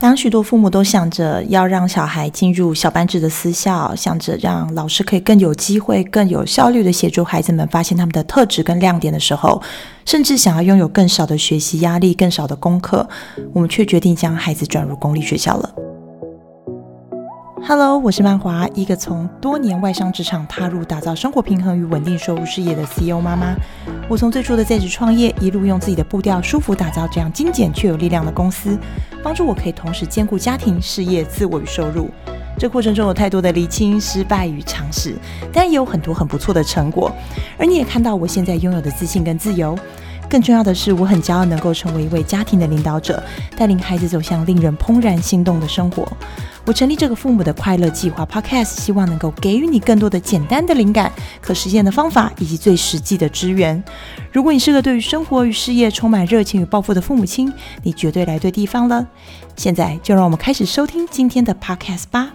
當許多父母都想着要讓小孩進入小班制的私校，想着讓老師可以更有機會、更有效率地協助孩子們發現他們的特質跟亮點的時候，甚至想要擁有更少的學習壓力、更少的功課，我們卻決定將孩子轉入公立學校了。Hello，我是曼華，一個從多年外商職場踏入打造生活平衡與穩定收入事業的 CEO 媽媽。我從最初的在職創業，一路用自己的步調舒服打造這樣精簡卻有力量的公司，幫助我可以同時兼顧家庭、事業、自我與收入。這個過程中有太多的釐清、失敗與嘗試，但也有很多很不錯的成果。而你也看到我現在擁有的自信跟自由。更重要的是，我很驕傲能夠成為一位家庭的領導者，帶領孩子走向令人怦然心動的生活。我成立這個父母的快樂計劃 Podcast，希望能夠給予你更多的簡單的靈感、可實現的方法以及最實際的支援。如果你是個對於生活與事業充滿熱情與抱負的父母親，你絕對來對地方了。現在就讓我們開始收聽今天的 Podcast 吧。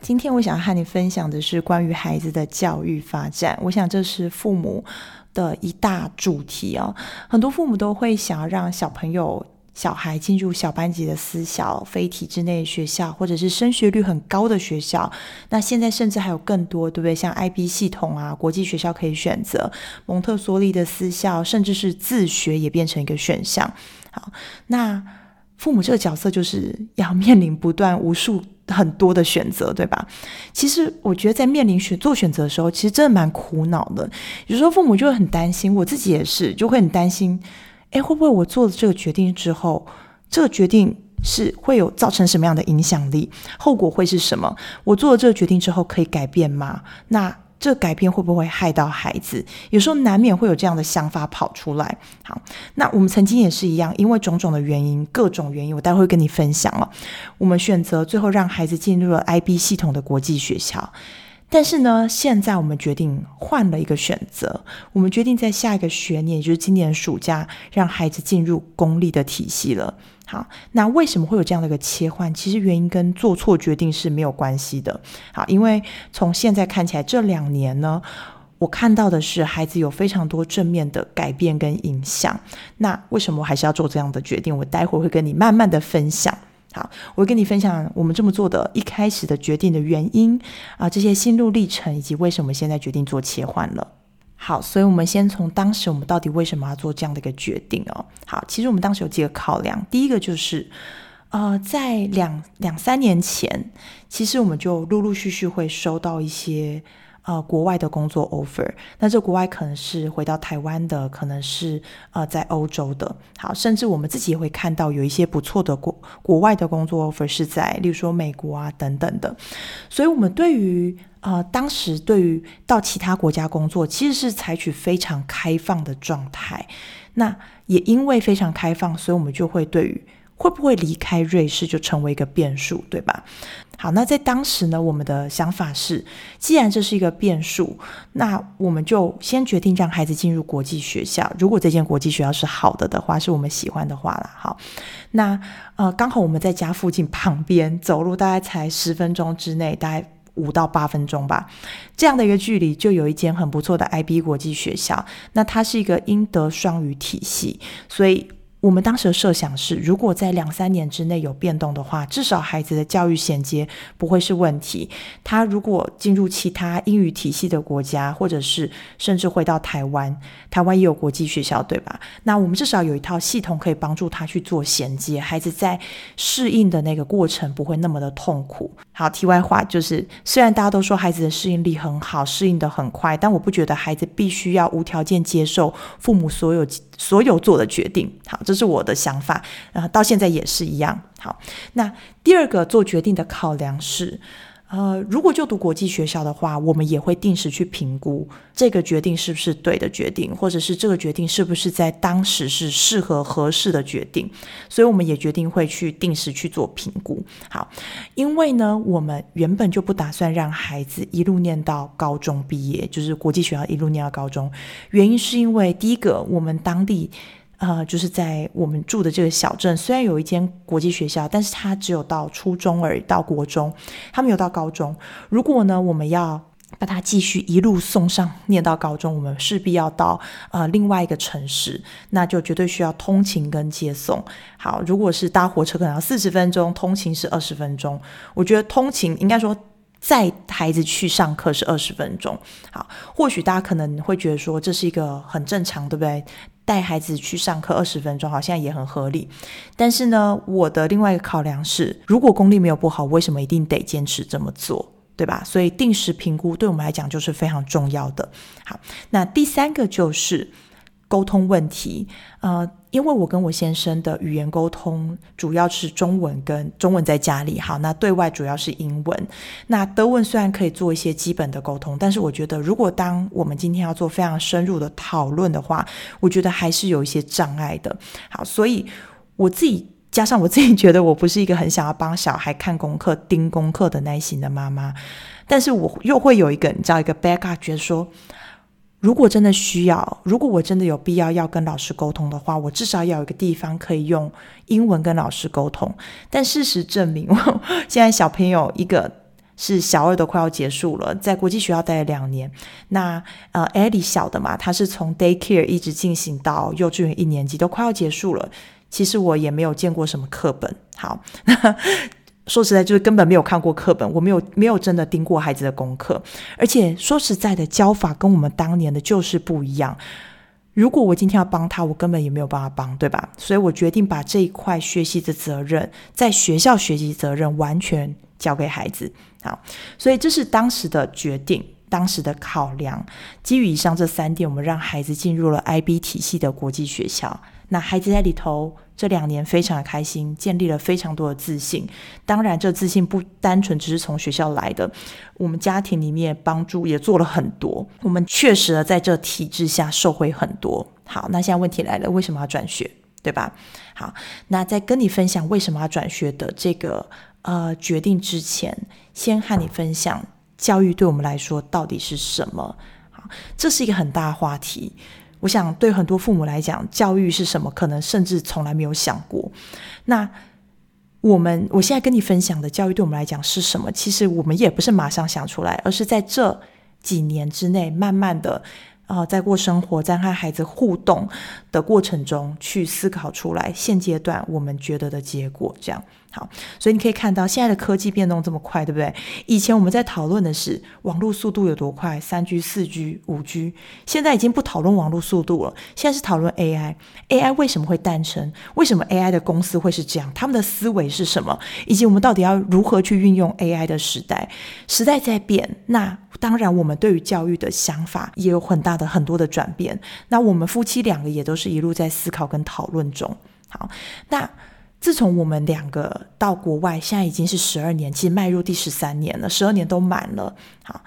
今天我想要和你分享的是關於孩子的教育發展，我想這是父母的一大主題哦。很多父母都會想要讓小朋友小孩進入小班級的私校、非體制內學校，或者是升學率很高的學校。那現在甚至還有更多，對不對？像 IB 系統啊、國際學校可以選擇，蒙特梭利的私校，甚至是自學也變成一個選項。好，那父母這個角色就是要面臨不斷無數很多的選擇，對吧？其實我覺得在面臨選做選擇的時候，其實真的蠻苦惱的。有時候父母就會很擔心，我自己也是，就會很擔心。誒，會不會我做了這個決定之後，這個決定是會有造成什麼樣的影響力？後果會是什麼？我做了這個決定之後可以改變嗎？那這個改變會不會害到孩子？有時候難免會有這樣的想法跑出來。好，那我們曾經也是一樣，因為種種的原因，各種原因，我待會跟你分享了哦，我們選擇最後讓孩子進入了 IB 系統的國際學校。但是呢，現在我們決定換了一個選擇，我們決定在下一個學年，也就是今年暑假，讓孩子進入公立的體系了。好，那為什麼會有這樣的一個切換？其實原因跟做錯決定是沒有關係的。好，因為從現在看起來，這兩年呢，我看到的是孩子有非常多正面的改變跟影響。那為什麼我還是要做這樣的決定？我待會兒會跟你慢慢的分享。好，我跟你分享我們這麼做的一開始的決定的原因啊，呃，這些心路歷程，以及為什麼現在決定做切換了。好，所以我們先從當時我們到底為什麼要做這樣的一個決定哦。好，其實我們當時有幾個考量，第一個就是，呃，在兩兩三年前，其實我們就陸陸續續會收到一些。呃，國外的工作 offer，那這國外可能是回到台灣的，可能是呃在歐洲的，好，甚至我們自己也會看到有一些不錯的國國外的工作 offer 是在，例如說美國啊等等的，所以我們對於呃當時對於到其他國家工作，其實是採取非常開放的狀態，那也因為非常開放，所以我們就會對於。會不會離開瑞士就成為一個變數，對吧？好，那在當時呢，我們的想法是，既然這是一個變數，那我們就先決定讓孩子進入國際學校。如果這間國際學校是好的的話，是我們喜歡的話啦。好，那呃，剛好我們在家附近旁邊走路大概才十分鐘之內，大概五到八分鐘吧，這樣的一個距離就有一間很不錯的 IB 國際學校。那它是一個英德雙語體系，所以。我們當時的設想是，如果在兩三年之內有變動的話，至少孩子的教育銜接不會是問題。他如果進入其他英語體系的國家，或者是甚至回到台灣，台灣也有國際學校，對吧？那我們至少有一套系統可以幫助他去做銜接，孩子在適應的那個過程不會那麼的痛苦。好，題外話就是，雖然大家都說孩子的適應力很好，適應得很快，但我不覺得孩子必須要無條件接受父母所有所有做的決定。好，這是我的想法，然後，呃，到現在也是一樣。好，那第二個做決定的考量是。呃，如果就讀國際學校的話，我們也會定時去評估這個決定是不是對的決定，或者是這個決定是不是在當時是適合合適的決定。所以，我們也決定會去定時去做評估。好，因為呢，我們原本就不打算讓孩子一路念到高中畢業，就是國際學校一路念到高中。原因是因為第一個，我們當地。呃，就是在我們住的這個小鎮，雖然有一間國際學校，但是他只有到初中而已，到國中，他沒有到高中。如果呢，我們要把他繼續一路送上，念到高中，我們勢必要到呃另外一個城市，那就絕對需要通勤跟接送。好，如果是搭火車，可能要四十分鐘，通勤是二十分鐘。我覺得通勤應該說，載孩子去上課是二十分鐘。好，或許大家可能會覺得說，這是一個很正常，對不對？帶孩子去上課二十分鐘，好像也很合理。但是呢，我的另外一個考量是，如果功力沒有不好，為什麼一定得堅持這麼做？對吧？所以定時評估對我們來講就是非常重要的。好，那第三個就是。溝通問題，呃，因為我跟我先生的語言溝通主要是中文跟中文在家裡，好，那對外主要是英文。那德文雖然可以做一些基本的溝通，但是我覺得如果當我們今天要做非常深入的討論的話，我覺得還是有一些障礙的。好，所以我自己加上我自己覺得，我不是一個很想要幫小孩看功課、盯功課的耐心的媽媽，但是我又會有一個你知道一個 backup，覺得說。如果真的需要，如果我真的有必要要跟老師溝通的話，我至少要有一個地方可以用英文跟老師溝通。但事實證明，現在小朋友一個是小二都快要結束了，在國際學校待了兩年。那呃，艾麗小的嘛，她是從 daycare 一直進行到幼稚園一年級都快要結束了。其實我也沒有見過什麼課本。好。那說實在，就是根本沒有看過課本，我沒有沒有真的盯過孩子的功課，而且說實在的，教法跟我們當年的就是不一樣。如果我今天要幫他，我根本也沒有辦法幫，對吧？所以我決定把這一塊學習的責任，在學校學習的責任完全交給孩子。好，所以這是當時的決定，當時的考量。基於以上這三點，我們讓孩子進入了 IB 體系的國際學校。那孩子在裡頭。這兩年非常的開心，建立了非常多的自信。當然，這自信不單純只是從學校來的，我們家庭裡面幫助也做了很多。我們確實在這體制下受惠很多。好，那現在問題來了，為什麼要轉學，對吧？好，那在跟你分享為什麼要轉學的這個呃決定之前，先和你分享教育對我們來說到底是什麼。好，這是一個很大的話題。我想，對很多父母來講，教育是什麼，可能甚至從來沒有想過。那我們，我現在跟你分享的教育，對我們來講是什麼？其實我們也不是馬上想出來，而是在這幾年之內，慢慢的啊、呃，在過生活、在和孩子互動的過程中，去思考出來現階段我們覺得的結果，這樣。好，所以你可以看到現在的科技變動這麼快，對不對？以前我們在討論的是網絡速度有多快，三 G、四 G、五 G，現在已經不討論網絡速度了，現在是討論 AI。AI 為什麼會誕生？為什麼 AI 的公司會是這樣？他們的思維是什麼？以及我們到底要如何去運用 AI 的時代？時代在變，那當然我們對於教育的想法也有很大的很多的轉變。那我們夫妻兩個也都是一路在思考跟討論中。好，那。自從我們兩個到國外，現在已經是十二年，其實邁入第十三年了。十二年都滿了，好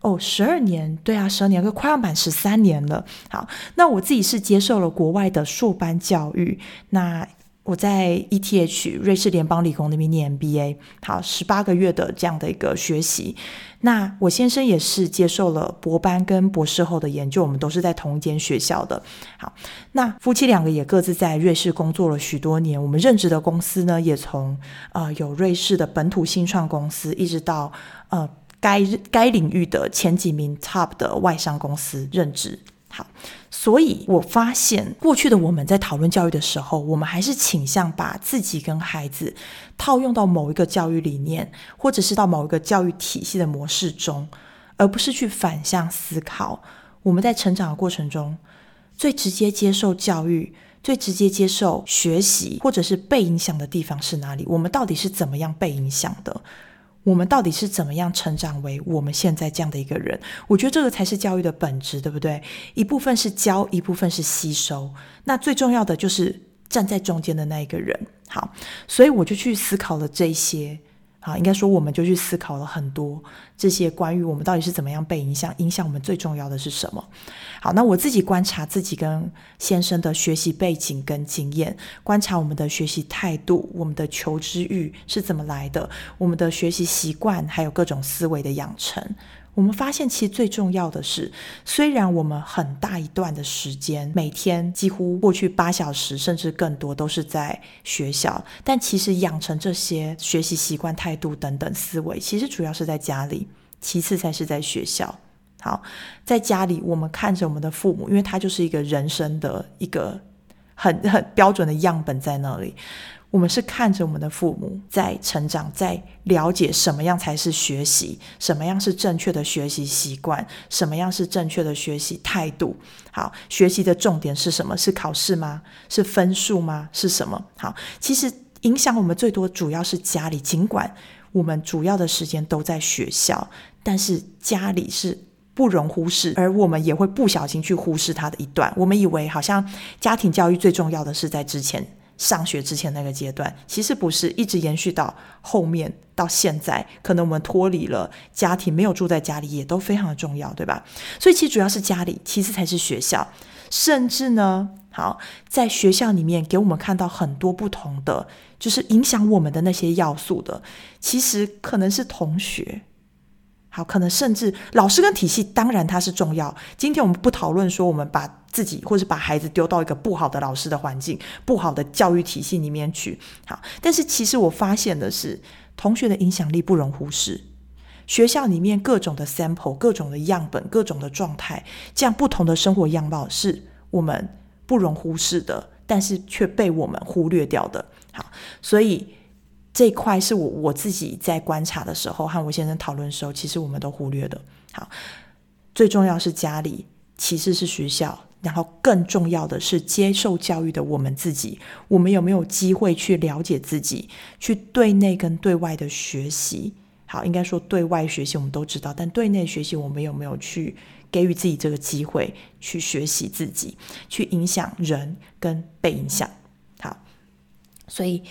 哦，十二年，對啊，十二年都快要滿十三年了。好，那我自己是接受了國外的碩班教育，那。我在 ETH 瑞士聯邦理工的 Mini MBA，好，十八個月的這樣的一個學習。那我先生也是接受了博班跟博士後的研究，我們都是在同一間學校的。好，那夫妻兩個也各自在瑞士工作了許多年。我們任職的公司呢，也從呃有瑞士的本土新創公司，一直到呃該該領域的前幾名 TOP 的外商公司任職。好，所以我發現，過去的我們在討論教育的時候，我們還是傾向把自己跟孩子套用到某一個教育理念，或者是到某一個教育體系的模式中，而不是去反向思考，我們在成長的過程中，最直接接受教育、最直接接受學習，或者是被影響的地方是哪裡？我們到底是怎麼樣被影響的？我們到底是怎麼樣成長為我們現在這樣的一個人？我覺得這個才是教育的本質，對不對？一部分是教，一部分是吸收。那最重要的就是站在中間的那一個人。好，所以我就去思考了這些。好，應該說我們就去思考了很多。這些關於我們到底是怎麼樣被影響？影響我們最重要的是什麼？好，那我自己觀察自己跟先生的學習背景跟經驗，觀察我們的學習態度、我們的求知慾是怎麼來的，我們的學習習慣還有各種思維的養成。我們發現，其實最重要的是，雖然我們很大一段的時間，每天幾乎過去八小時甚至更多都是在學校，但其實養成這些學習習慣、態度等等思維，其實主要是在家裡。其次才是在學校。好，在家裡，我們看着我們的父母，因為他就是一個人生的一個很很標準的樣本在那裡。我們是看着我們的父母在成長，在了解什麼樣才是學習，什麼樣是正確的學習習慣，什麼樣是正確的學習態度。好，學習的重點是什麼？是考試嗎？是分數嗎？是什麼？好，其實影響我們最多主要是家裡，儘管。我們主要的時間都在學校，但是家裡是不容忽視，而我們也會不小心去忽視它的一段。我們以為好像家庭教育最重要的是在之前上學之前那個階段，其實不是，一直延續到後面到現在，可能我們脫離了家庭，沒有住在家裡，也都非常的重要，對吧？所以其實主要是家裡，其次才是學校，甚至呢。好，在學校裡面給我們看到很多不同的，就是影響我們的那些要素的，其實可能是同學，好，可能甚至老師跟體系，當然它是重要。今天我們不討論說我們把自己或是把孩子丟到一個不好的老師的環境、不好的教育體系裡面去，好，但是其實我發現的是，同學的影響力不容忽視。學校裡面各種的 sample、各種的樣本、各種的狀態，這樣不同的生活樣貌是我們。不容忽視的，但是卻被我們忽略掉的。好，所以這一塊是我我自己在觀察的時候和我先生討論的時候，其實我們都忽略的。好，最重要是家裡，其次是學校，然後更重要的是接受教育的我們自己。我們有沒有機會去了解自己，去對內跟對外的學習？好，應該說對外學習我們都知道，但對內學習我們有沒有去？給予自己這個機會去學習自己，去影響人跟被影響。好，所以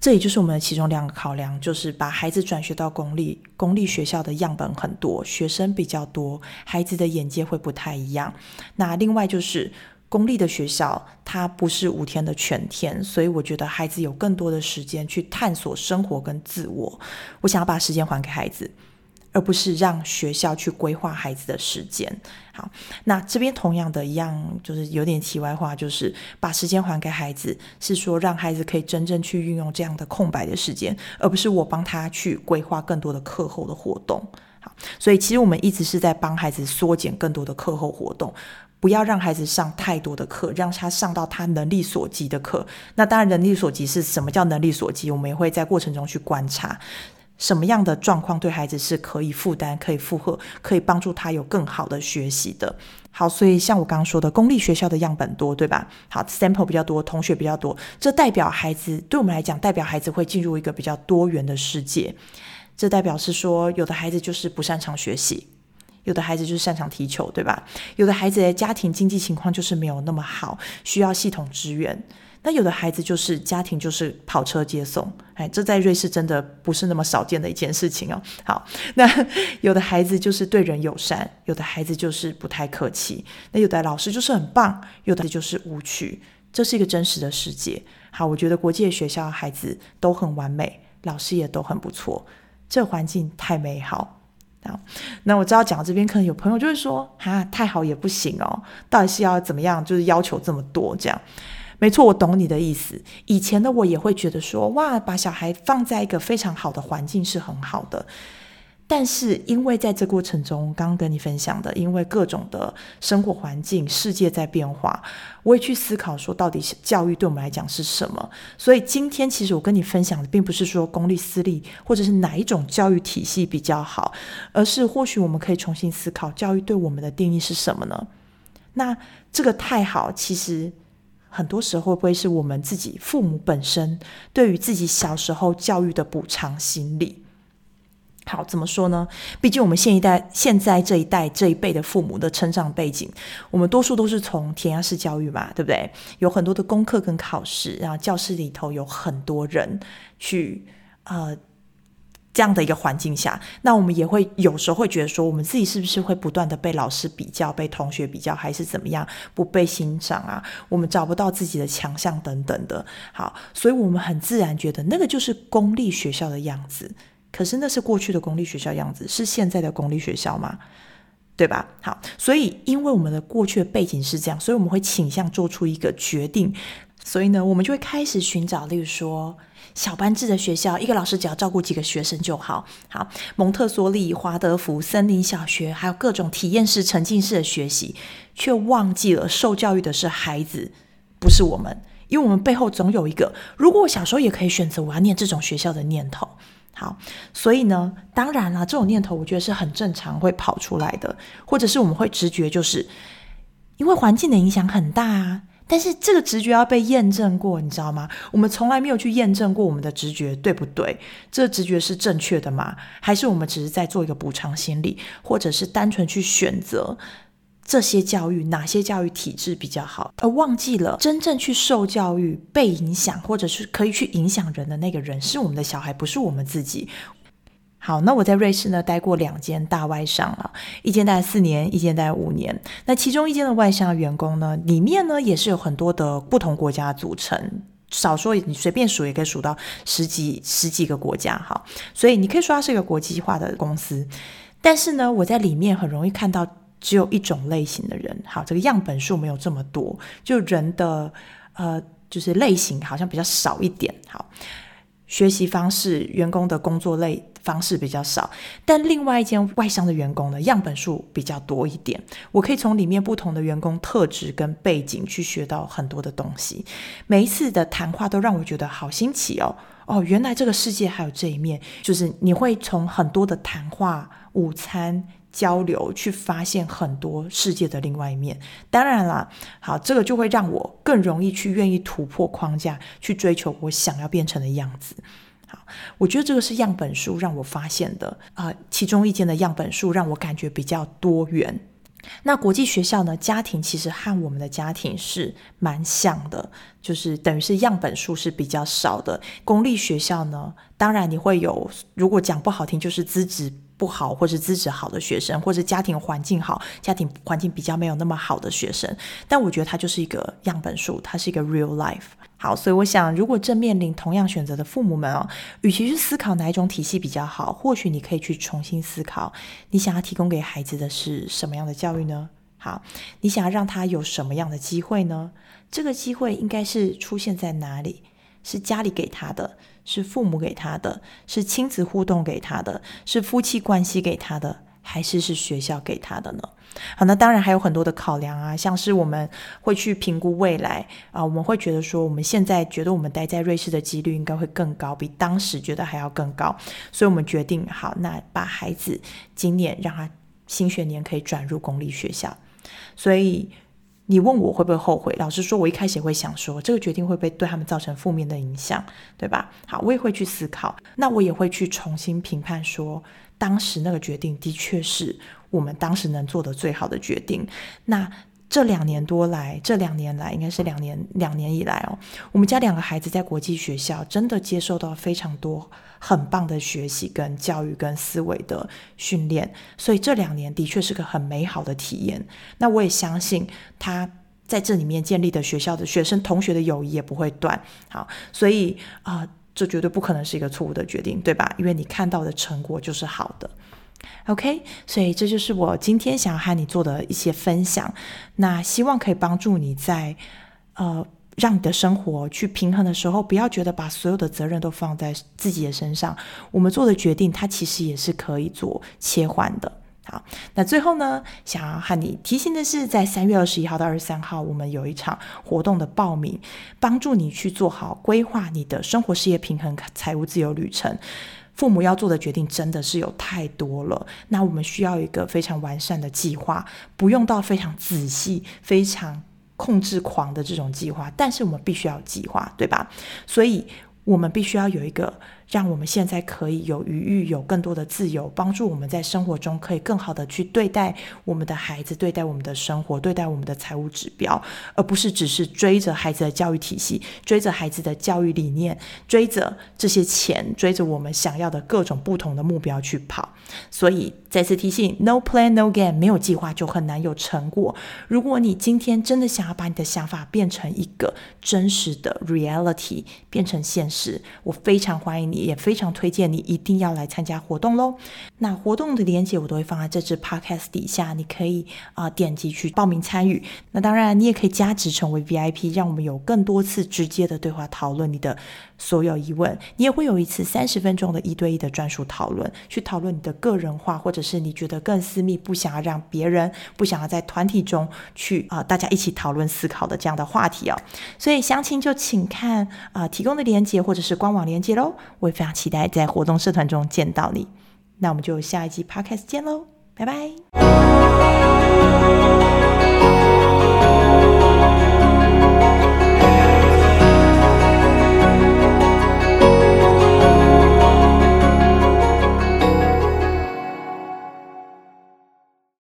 這也就是我們的其中兩個考量，就是把孩子轉學到公立，公立學校的樣本很多，學生比較多，孩子的眼界會不太一樣。那另外就是公立的學校它不是五天的全天，所以我覺得孩子有更多的時間去探索生活跟自我。我想要把時間還給孩子。而不是讓學校去規劃孩子的時間。好，那這邊同樣的一樣，就是有點題外話，就是把時間還給孩子，是說讓孩子可以真正去運用這樣的空白的時間，而不是我幫他去規劃更多的課後的活動。好，所以其實我們一直是在幫孩子縮減更多的課後活動，不要讓孩子上太多的課，讓他上到他能力所及的課。那當然，能力所及是什麼？叫能力所及？我們也會在過程中去觀察。什麼樣的狀況對孩子是可以負擔、可以負荷、可以幫助他有更好的學習的？好，所以像我剛剛說的，公立學校的樣本多，對吧？好，sample 比較多，同學比較多，這代表孩子對我們來講，代表孩子會進入一個比較多元的世界。這代表是說，有的孩子就是不擅長學習，有的孩子就是擅長踢球，對吧？有的孩子的家庭經濟情況就是沒有那麼好，需要系統支援。那有的孩子就是家庭就是跑車接送，哎，這在瑞士真的不是那麼少見的一件事情哦。好，那有的孩子就是對人友善，有的孩子就是不太客氣。那有的老師就是很棒，有的就是無趣。這是一個真實的世界。好，我覺得國際學校孩子都很完美，老師也都很不錯，這環境太美好。好，那我知道講到這邊，可能有朋友就會說，哈，太好也不行哦，到底是要怎麼樣？就是要求這麼多這樣。沒錯，我懂你的意思。以前的我也會覺得說，哇，把小孩放在一個非常好的環境是很好的。但是因為在這過程中，我剛剛跟你分享的，因為各種的生活環境、世界在變化，我也去思考說，到底是教育對我們來講是什麼？所以今天其實我跟你分享的，並不是說公立、私立，或者是哪一種教育體系比較好，而是或許我們可以重新思考，教育對我們的定義是什麼呢？那這個太好，其實。很多時候會不會是我們自己父母本身對於自己小時候教育的補償心理？好，怎麼說呢？畢竟我們現一代、現在這一代、這一輩的父母的成長背景，我們多數都是從填鴨式教育嘛，對不對？有很多的功課跟考試，然後教室裡頭有很多人去呃。這樣的一個環境下，那我們也會有時候會覺得說，我們自己是不是會不斷的被老師比較、被同學比較，還是怎麼樣不被欣賞啊？我們找不到自己的強項等等的。好，所以我們很自然覺得那個就是公立學校的樣子。可是那是過去的公立學校的樣子，是現在的公立學校嗎？對吧？好，所以因為我們的過去的背景是這樣，所以我們會傾向做出一個決定。所以呢，我們就會開始尋找，例如說小班制的學校，一個老師只要照顧幾個學生就好。好，蒙特梭利、華德福、森林小學，還有各種體驗式、沉浸式的學習，卻忘記了受教育的是孩子，不是我們。因為我們背後總有一個，如果我小時候也可以選擇，我要念這種學校的念頭。好，所以呢，當然啦、啊，這種念頭我覺得是很正常，會跑出來的，或者是我們會直覺，就是因為環境的影響很大啊。但是這個直覺要被驗證過，你知道嗎？我們從來沒有去驗證過我們的直覺，對不對？這個直覺是正確的嗎？還是我們只是在做一個補償心理，或者是單純去選擇這些教育，哪些教育體制比較好？而忘記了真正去受教育、被影響，或者是可以去影響人的那個人，是我們的小孩，不是我們自己。好，那我在瑞士呢待過兩間大外商、啊、一間待四年，一間待五年。那其中一間的外商員工呢，裡面呢也是有很多的不同國家組成，少說你隨便數也可以數到十幾十幾個國家。好，所以你可以說它是一個國際化的公司。但是呢，我在裡面很容易看到只有一種類型的人。好，這個樣本數沒有這麼多，就人的呃，就是類型好像比較少一點。好。學習方式，員工的工作類方式比較少，但另外一間外商的員工呢，樣本數比較多一點。我可以從裡面不同的員工特質跟背景去學到很多的東西。每一次的談話都讓我覺得好新奇哦。哦，原來這個世界還有這一面，就是你會從很多的談話、午餐，交流去發現很多世界的另外一面。當然啦，好，這個就會讓我更容易去願意突破框架，去追求我想要變成的樣子。好，我覺得這個是樣本數讓我發現的啊、呃，其中一間的樣本數讓我感覺比較多元。那國際學校呢，家庭其實和我們的家庭是蠻像的，就是等於是樣本數是比較少的。公立學校呢，當然你會有，如果講不好聽就是資質，不好，或是資質好的學生，或者家庭環境好，家庭環境比較沒有那麼好的學生，但我覺得他就是一個樣本數，他是一個 real life。好，所以我想，如果正面臨同樣選擇的父母們哦，與其去思考哪一種體系比較好，或許你可以去重新思考，你想要提供給孩子的是什麼樣的教育呢？好，你想要讓他有什麼樣的機會呢？這個機會應該是出現在哪裡？是家裡給他的，是父母給他的，是親子互動給他的，是夫妻關係給他的，還是是學校給他的呢？好，那當然還有很多的考量啊，像是我們會去評估未來啊、呃，我們會覺得說，我們現在覺得我們待在瑞士的幾率應該會更高，比當時覺得還要更高，所以我們決定好，那把孩子今年讓他新學年可以轉入公立學校，所以。你問我會不會後悔？老實說，我一開始也會想說，這個決定會不會對他們造成負面的影響，對吧？好，我也會去思考，那我也會去重新評判，說當時那個決定的確是我們當時能做的最好的決定。那。這兩年多來，這兩年來，應該是兩年兩年以來哦，我們家兩個孩子在國際學校，真的接受到非常多很棒的學習跟教育跟思維的訓練，所以這兩年的確是個很美好的體驗。那我也相信，他在這裡面建立的學校的學生同學的友誼也不會斷。好，所以啊，呃，這絕對不可能是一個錯誤的決定，對吧？因為你看到的成果就是好的。OK，所以這就是我今天想要和你做的一些分享。那希望可以幫助你在呃讓你的生活去平衡的時候，不要覺得把所有的責任都放在自己的身上。我們做的決定，它其實也是可以做切換的。好，那最後呢，想要和你提醒的是，在三月二十一號到二十三號，我們有一場活動的報名，幫助你去做好規劃你的生活事業平衡、財務自由旅程。父母要做的決定真的是有太多了，那我們需要一個非常完善的計劃，不用到非常仔細、非常控制狂的這種計劃，但是我們必須要計劃，對吧？所以我們必須要有一個，讓我們現在可以有餘裕，有更多的自由，幫助我們在生活中可以更好的去對待我們的孩子，對待我們的生活，對待我們的財務指標，而不是只是追着孩子的教育體系，追着孩子的教育理念，追着這些錢，追着我們想要的各種不同的目標去跑。所以再次提醒：No plan, no game。沒有計劃就很難有成果。如果你今天真的想要把你的想法變成一個真實的 reality，變成現實，我非常歡迎你。也非常推薦你一定要來參加活動嘍。那活動的鏈接我都會放在這支 podcast 底下，你可以啊、呃、點擊去報名參與。那當然，你也可以加值成為 VIP，讓我們有更多次直接的對話討論你的所有疑問。你也會有一次三十分鐘的一對一的專屬討論，去討論你的個人化，或者是你覺得更私密、不想要讓別人、不想要在團體中去啊、呃、大家一起討論思考的這樣的話題哦。所以詳情就請看啊、呃、提供的鏈接或者是官網鏈接嘍。我。非常期待在活動社團中見到你，那我們就下一集 Podcast 見嘍，拜拜。